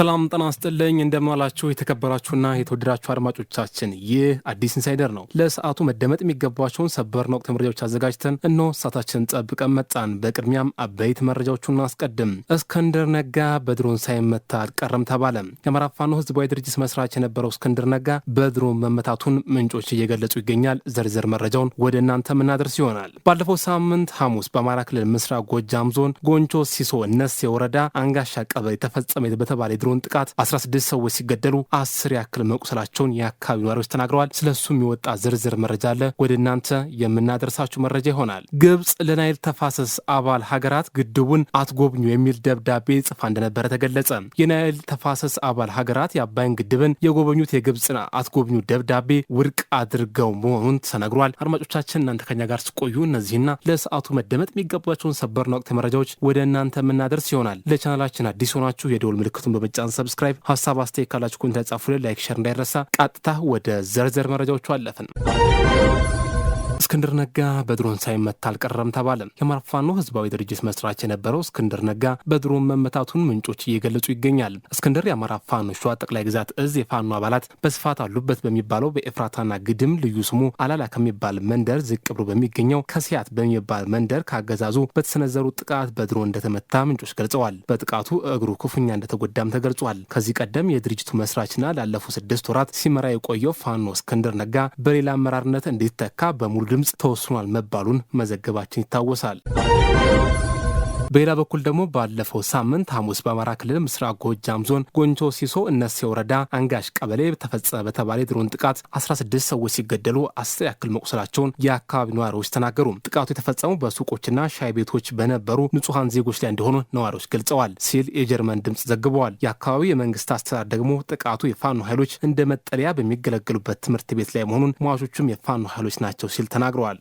ሰላም ጤና ይስጥልኝ እንደምናላችሁ የተከበራችሁና የተወደዳችሁ አድማጮቻችን፣ ይህ አዲስ ኢንሳይደር ነው። ለሰዓቱ መደመጥ የሚገባቸውን ሰበርና ወቅታዊ መረጃዎች አዘጋጅተን እኖ ሰዓታችን ጠብቀን መጣን። በቅድሚያም አበይት መረጃዎቹን እናስቀድም። እስክንድር ነጋ በድሮን ሳይመታ አልቀረም ተባለ። የአማራ ፋኖ ህዝባዊ ድርጅት መስራች የነበረው እስክንድር ነጋ በድሮን መመታቱን ምንጮች እየገለጹ ይገኛል። ዝርዝር መረጃውን ወደ እናንተ ምናደርስ ይሆናል። ባለፈው ሳምንት ሐሙስ በአማራ ክልል ምስራቅ ጎጃም ዞን ጎንቾ ሲሶ እነሴ ወረዳ አንጋሻ ቀበሌ ተፈጸመ በተባለ በድሮን ጥቃት 16 ሰዎች ሲገደሉ አስር ያክል መቁሰላቸውን የአካባቢው ነዋሪዎች ተናግረዋል። ስለሱ የሚወጣ ዝርዝር መረጃ አለ ወደ እናንተ የምናደርሳችሁ መረጃ ይሆናል። ግብፅ ለናይል ተፋሰስ አባል ሀገራት ግድቡን አትጎብኙ የሚል ደብዳቤ ጽፋ እንደነበረ ተገለጸ። የናይል ተፋሰስ አባል ሀገራት የአባይን ግድብን የጎበኙት የግብፅን አትጎብኙ ደብዳቤ ውድቅ አድርገው መሆኑን ተነግሯል። አድማጮቻችን እናንተ ከኛ ጋር ስቆዩ እነዚህና ለሰዓቱ መደመጥ የሚገባቸውን ሰበርና ወቅት መረጃዎች ወደ እናንተ የምናደርስ ይሆናል። ለቻናላችን አዲስ ሆናችሁ የደወል ምልክቱን በመጫ በመጫን ሰብስክራይብ፣ ሀሳብ አስተያየት ካላችሁ ኮሜንት ላይ ላይክ፣ ሸር እንዳይረሳ። ቀጥታ ወደ ዘርዘር መረጃዎቹ አለፍን። እስክንድር ነጋ በድሮን ሳይመታ አልቀረም ተባለ። የአማራ ፋኖ ህዝባዊ ድርጅት መስራች የነበረው እስክንድር ነጋ በድሮን መመታቱን ምንጮች እየገለጹ ይገኛል። እስክንድር የአማራ ፋኖ ሸዋ ጠቅላይ ግዛት እዝ የፋኖ አባላት በስፋት አሉበት በሚባለው በኤፍራታና ግድም ልዩ ስሙ አላላ ከሚባል መንደር ዝቅ ብሎ በሚገኘው ከሲያት በሚባል መንደር ካገዛዙ በተሰነዘሩ ጥቃት በድሮን እንደተመታ ምንጮች ገልጸዋል። በጥቃቱ እግሩ ክፉኛ እንደተጎዳም ተገልጿል። ከዚህ ቀደም የድርጅቱ መስራችና ላለፉ ስድስት ወራት ሲመራ የቆየው ፋኖ እስክንድር ነጋ በሌላ አመራርነት እንዲተካ በሙሉ ድምፅ ተወስኗል መባሉን መዘገባችን ይታወሳል። በሌላ በኩል ደግሞ ባለፈው ሳምንት ሐሙስ በአማራ ክልል ምስራቅ ጎጃም ዞን ጎንጆ ሲሶ እነሴ ወረዳ አንጋሽ ቀበሌ ተፈጸመ በተባለ የድሮን ጥቃት 16 ሰዎች ሲገደሉ አስር ያክል መቁሰላቸውን የአካባቢ ነዋሪዎች ተናገሩ። ጥቃቱ የተፈጸመው በሱቆችና ሻይ ቤቶች በነበሩ ንጹሐን ዜጎች ላይ እንደሆኑ ነዋሪዎች ገልጸዋል ሲል የጀርመን ድምፅ ዘግበዋል። የአካባቢው የመንግስት አስተዳደር ደግሞ ጥቃቱ የፋኖ ኃይሎች እንደ መጠለያ በሚገለገሉበት ትምህርት ቤት ላይ መሆኑን ሟቾቹም የፋኖ ኃይሎች ናቸው ሲል ተናግረዋል።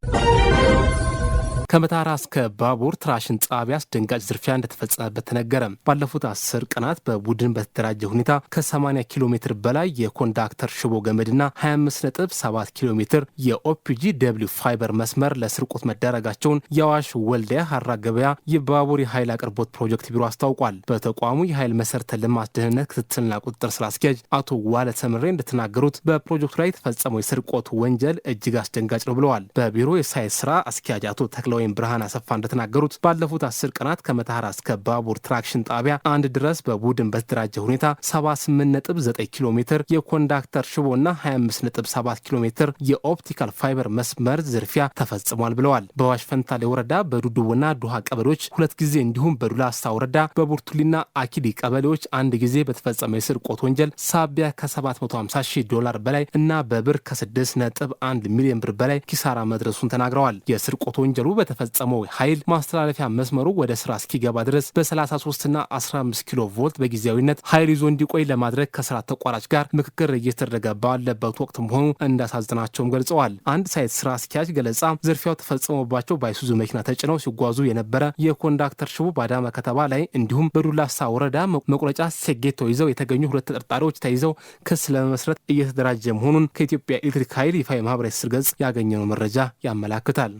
ከመታራ እስከ ባቡር ትራሽን ጣቢያ አስደንጋጭ ዝርፊያ እንደተፈጸመበት ተነገረ። ባለፉት አስር ቀናት በቡድን በተደራጀ ሁኔታ ከ80 ኪሎ ሜትር በላይ የኮንዳክተር ሽቦ ገመድና 257 ኪሎ ሜትር የኦፒጂ ደብሊው ፋይበር መስመር ለስርቆት መዳረጋቸውን የአዋሽ ወልዲያ ሀራ ገበያ የባቡር የኃይል አቅርቦት ፕሮጀክት ቢሮ አስታውቋል። በተቋሙ የኃይል መሰረተ ልማት ደህንነት ክትትልና ቁጥጥር ስራ አስኪያጅ አቶ ዋለ ተምሬ እንደተናገሩት በፕሮጀክቱ ላይ የተፈጸመው የስርቆት ወንጀል እጅግ አስደንጋጭ ነው ብለዋል። በቢሮ የሳይንስ ስራ አስኪያጅ አቶ ተክለ ወይም ብርሃን አሰፋ እንደተናገሩት ባለፉት አስር ቀናት ከመተሐራ እስከ ባቡር ትራክሽን ጣቢያ አንድ ድረስ በቡድን በተደራጀ ሁኔታ 789 ኪሎ ሜትር የኮንዳክተር እና 257 ኪሎ ሜትር የኦፕቲካል ፋይበር መስመር ዝርፊያ ተፈጽሟል ብለዋል። በዋሽ ፈንታሌ ወረዳ በዱዱቡና ዱሃ ቀበሌዎች ሁለት ጊዜ እንዲሁም በዱላሳ ወረዳ በቡርቱሊና አኪዲ ቀበሌዎች አንድ ጊዜ በተፈጸመ የስርቆት ወንጀል ሳቢያ ከ750 ዶላር በላይ እና በብር ከ6 ነጥብ 1 ሚሊዮን ብር በላይ ኪሳራ መድረሱን ተናግረዋል። የስርቆት ወንጀሉ ከተፈጸመው ኃይል ማስተላለፊያ መስመሩ ወደ ስራ እስኪገባ ድረስ በ33ና 15 ኪሎ ቮልት በጊዜያዊነት ኃይል ይዞ እንዲቆይ ለማድረግ ከስራ ተቋራጭ ጋር ምክክር እየተደረገ ባለበት ወቅት መሆኑ እንዳሳዝናቸውም ገልጸዋል። አንድ ሳይት ስራ አስኪያጅ ገለጻ ዝርፊያው ተፈጽሞባቸው ባይሱዙ መኪና ተጭነው ሲጓዙ የነበረ የኮንዳክተር ሽቦ ባዳማ ከተማ ላይ እንዲሁም በዱላሳ ወረዳ መቁረጫ ሴጌቶ ይዘው የተገኙ ሁለት ተጠርጣሪዎች ተይዘው ክስ ለመመስረት እየተደራጀ መሆኑን ከኢትዮጵያ ኤሌክትሪክ ኃይል ይፋ የማህበራዊ ስር ገጽ ያገኘነው መረጃ ያመላክታል።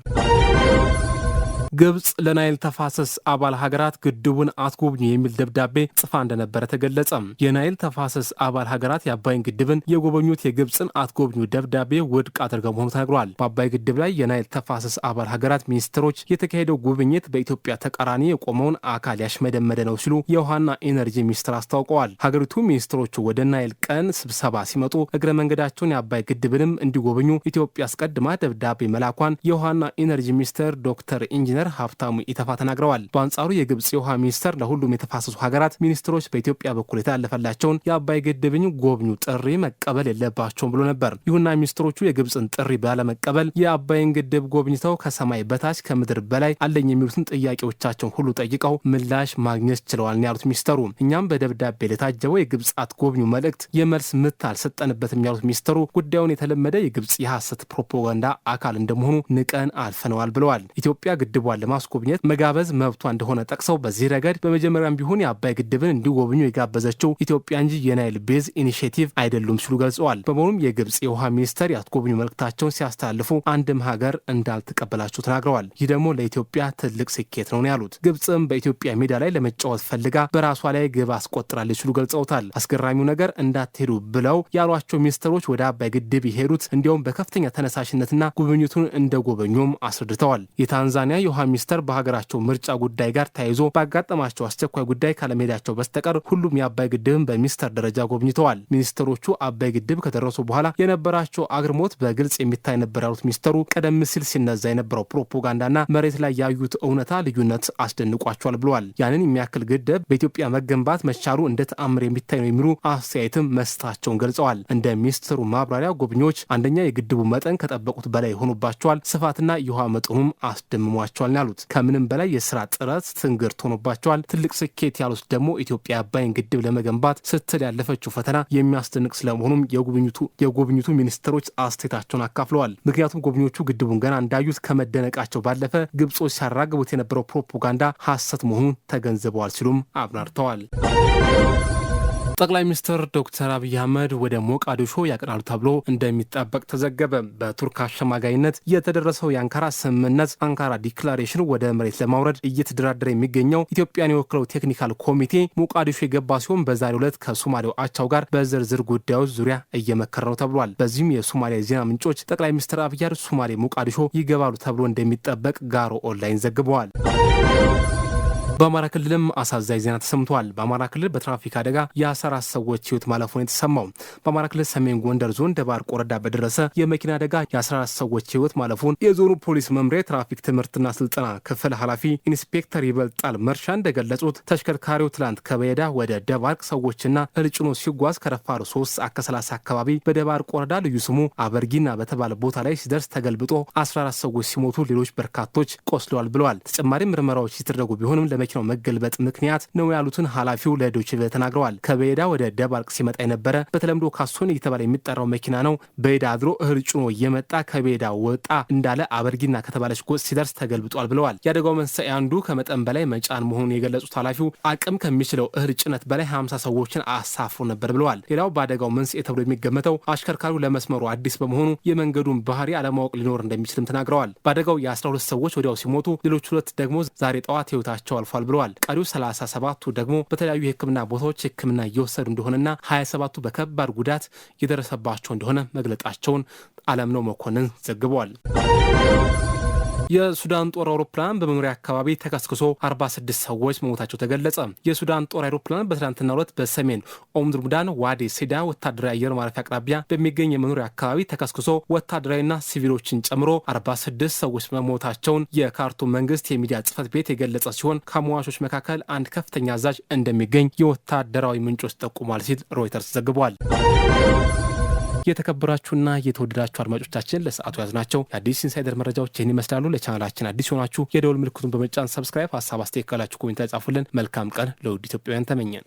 ግብጽ ለናይል ተፋሰስ አባል ሀገራት ግድቡን አትጎብኙ የሚል ደብዳቤ ጽፋ እንደነበረ ተገለጸ። የናይል ተፋሰስ አባል ሀገራት የአባይን ግድብን የጎበኙት የግብፅን አትጎብኙ ደብዳቤ ውድቅ አድርገው መሆኑ ተነግሯል። በአባይ ግድብ ላይ የናይል ተፋሰስ አባል ሀገራት ሚኒስትሮች የተካሄደው ጉብኝት በኢትዮጵያ ተቃራኒ የቆመውን አካል ያሽመደመደ ነው ሲሉ የውሃና ኢነርጂ ሚኒስትር አስታውቀዋል። ሀገሪቱ ሚኒስትሮቹ ወደ ናይል ቀን ስብሰባ ሲመጡ እግረ መንገዳቸውን የአባይ ግድብንም እንዲጎበኙ ኢትዮጵያ አስቀድማ ደብዳቤ መላኳን የውሃና ኢነርጂ ሚኒስትር ዶክተር ኢንጂነር ኢንጂነር ሀብታሙ ኢተፋ ተናግረዋል። በአንጻሩ የግብጽ የውሃ ሚኒስተር ለሁሉም የተፋሰሱ ሀገራት ሚኒስትሮች በኢትዮጵያ በኩል የተላለፈላቸውን የአባይ ግድብን ጎብኙ ጥሪ መቀበል የለባቸውም ብሎ ነበር። ይሁና ሚኒስትሮቹ የግብፅን ጥሪ ባለመቀበል የአባይን ግድብ ጎብኝተው ከሰማይ በታች ከምድር በላይ አለኝ የሚሉትን ጥያቄዎቻቸውን ሁሉ ጠይቀው ምላሽ ማግኘት ችለዋል ያሉት ሚኒስተሩ። እኛም በደብዳቤ ለታጀበው የግብፅ አትጎብኙ መልእክት የመልስ ምት አልሰጠንበትም ያሉት ሚኒስተሩ ጉዳዩን የተለመደ የግብፅ የሐሰት ፕሮፓጋንዳ አካል እንደመሆኑ ንቀን አልፈነዋል ብለዋል። ኢትዮጵያ ግድቧ አጠገቧን ለማስጎብኘት መጋበዝ መብቷ እንደሆነ ጠቅሰው በዚህ ረገድ በመጀመሪያም ቢሆን የአባይ ግድብን እንዲጎብኙ የጋበዘችው ኢትዮጵያ እንጂ የናይል ቤዝ ኢኒሽቲቭ አይደሉም ሲሉ ገልጸዋል። በመሆኑም የግብፅ የውሃ ሚኒስተር የአትጎብኙ መልእክታቸውን ሲያስተላልፉ አንድም ሀገር እንዳልተቀበላቸው ተናግረዋል። ይህ ደግሞ ለኢትዮጵያ ትልቅ ስኬት ነው ያሉት ግብፅም በኢትዮጵያ ሜዳ ላይ ለመጫወት ፈልጋ በራሷ ላይ ግብ አስቆጥራለች ሲሉ ገልጸውታል። አስገራሚው ነገር እንዳትሄዱ ብለው ያሏቸው ሚኒስትሮች ወደ አባይ ግድብ የሄዱት እንዲያውም በከፍተኛ ተነሳሽነትና ጉብኝቱን እንደጎበኙም አስረድተዋል። የታንዛኒያ የውሃ የውሃ ሚኒስተር በሀገራቸው ምርጫ ጉዳይ ጋር ተያይዞ ባጋጠማቸው አስቸኳይ ጉዳይ ካለመሄዳቸው በስተቀር ሁሉም የአባይ ግድብን በሚኒስተር ደረጃ ጎብኝተዋል። ሚኒስተሮቹ አባይ ግድብ ከደረሱ በኋላ የነበራቸው አግርሞት በግልጽ የሚታይ ነበር ያሉት ሚኒስተሩ ቀደም ሲል ሲነዛ የነበረው ፕሮፓጋንዳና መሬት ላይ ያዩት እውነታ ልዩነት አስደንቋቸዋል ብለዋል። ያንን የሚያክል ግድብ በኢትዮጵያ መገንባት መቻሉ እንደ ተአምር የሚታይ ነው የሚሉ አስተያየትም መስጠታቸውን ገልጸዋል። እንደ ሚኒስትሩ ማብራሪያ ጎብኚዎች አንደኛ የግድቡ መጠን ከጠበቁት በላይ ሆኑባቸዋል፣ ስፋትና የውሃ መጠኑም አስደምሟቸዋል ተደርጓል ነው ያሉት። ከምንም በላይ የስራ ጥረት ትንግርት ሆኖባቸዋል። ትልቅ ስኬት ያሉት ደግሞ ኢትዮጵያ አባይን ግድብ ለመገንባት ስትል ያለፈችው ፈተና የሚያስደንቅ ስለመሆኑም የጉብኝቱ ሚኒስትሮች አስተያየታቸውን አካፍለዋል። ምክንያቱም ጎብኚዎቹ ግድቡን ገና እንዳዩት ከመደነቃቸው ባለፈ ግብጾች ሲያራግቡት የነበረው ፕሮፓጋንዳ ሐሰት መሆኑን ተገንዝበዋል ሲሉም አብራርተዋል። ጠቅላይ ሚኒስትር ዶክተር አብይ አህመድ ወደ ሞቃዲሾ ያቀናሉ ተብሎ እንደሚጠበቅ ተዘገበ። በቱርክ አሸማጋይነት የተደረሰው የአንካራ ስምምነት አንካራ ዲክላሬሽን ወደ መሬት ለማውረድ እየተደራደረ የሚገኘው ኢትዮጵያን የወክለው ቴክኒካል ኮሚቴ ሞቃዲሾ የገባ ሲሆን በዛሬው ዕለት ከሶማሌው አቻው ጋር በዝርዝር ጉዳዮች ዙሪያ እየመከረ ነው ተብሏል። በዚህም የሶማሊያ ዜና ምንጮች ጠቅላይ ሚኒስትር አብይ አህመድ ሶማሌ ሞቃዲሾ ይገባሉ ተብሎ እንደሚጠበቅ ጋሮ ኦንላይን ዘግበዋል። በአማራ ክልልም አሳዛኝ ዜና ተሰምተዋል። በአማራ ክልል በትራፊክ አደጋ የአስራት ሰዎች ህይወት ማለፉን የተሰማው በአማራ ክልል ሰሜን ጎንደር ዞን ደባርቅ ወረዳ በደረሰ የመኪና አደጋ የአስራት ሰዎች ህይወት ማለፉን የዞኑ ፖሊስ መምሪያ ትራፊክ ትምህርትና ስልጠና ክፍል ኃላፊ ኢንስፔክተር ይበልጣል መርሻ እንደገለጹት ተሽከርካሪው ትላንት ከበየዳ ወደ ደባርቅ ሰዎችና እህል ጭኖ ሲጓዝ ከረፋሩ ሶስት ከሰላሳ አካባቢ በደባርቅ ወረዳ ልዩ ስሙ አበርጊና በተባለ ቦታ ላይ ሲደርስ ተገልብጦ 14 ሰዎች ሲሞቱ ሌሎች በርካቶች ቆስለዋል ብለዋል። ተጨማሪ ምርመራዎች ሲደረጉ ቢሆንም በመኪናው መገልበጥ ምክንያት ነው ያሉትን ኃላፊው ለዶች ተናግረዋል። ከበየዳ ወደ ደባርቅ ሲመጣ የነበረ በተለምዶ ካሶን እየተባለ የሚጠራው መኪና ነው። በየዳ አድሮ እህል ጭኖ እየመጣ ከበየዳ ወጣ እንዳለ አበርጊና ከተባለች ጎጥ ሲደርስ ተገልብጧል ብለዋል። የአደጋው መንስኤ አንዱ ከመጠን በላይ መጫን መሆኑን የገለጹት ኃላፊው አቅም ከሚችለው እህል ጭነት በላይ 50 ሰዎችን አሳፍሮ ነበር ብለዋል። ሌላው በአደጋው መንስኤ ተብሎ የሚገመተው አሽከርካሪው ለመስመሩ አዲስ በመሆኑ የመንገዱን ባህሪ አለማወቅ ሊኖር እንደሚችልም ተናግረዋል። በአደጋው የ12 ሰዎች ወዲያው ሲሞቱ ሌሎች ሁለት ደግሞ ዛሬ ጠዋት ህይወታቸው አልፏል። ተገኝቷል ብለዋል። ቀሪው 37ቱ ደግሞ በተለያዩ የህክምና ቦታዎች ህክምና እየወሰዱ እንደሆነና 27ቱ በከባድ ጉዳት የደረሰባቸው እንደሆነ መግለጣቸውን አለምነው መኮንን ዘግበዋል። የሱዳን ጦር አውሮፕላን በመኖሪያ አካባቢ ተከስክሶ 46 ሰዎች መሞታቸው ተገለጸ። የሱዳን ጦር አውሮፕላን በትናንትና ሁለት በሰሜን ኦምድርሙዳን ዋዴ ሲዳ ወታደራዊ አየር ማረፊያ አቅራቢያ በሚገኝ የመኖሪያ አካባቢ ተከስክሶ ወታደራዊና ሲቪሎችን ጨምሮ 46 ሰዎች መሞታቸውን የካርቱም መንግስት የሚዲያ ጽህፈት ቤት የገለጸ ሲሆን ከሟቾች መካከል አንድ ከፍተኛ አዛዥ እንደሚገኝ የወታደራዊ ምንጮች ጠቁሟል ሲል ሮይተርስ ዘግቧል። የተከበራችሁና የተወደዳችሁ አድማጮቻችን ለሰዓቱ ያዝናቸው የአዲስ ኢንሳይደር መረጃዎች ይህን ይመስላሉ። ለቻናላችን አዲስ የሆናችሁ የደውል ምልክቱን በመጫን ሰብስክራይብ፣ ሀሳብ አስተያየት ካላችሁ ኮሜንት ጻፉልን። መልካም ቀን ለውድ ኢትዮጵያውያን ተመኘን።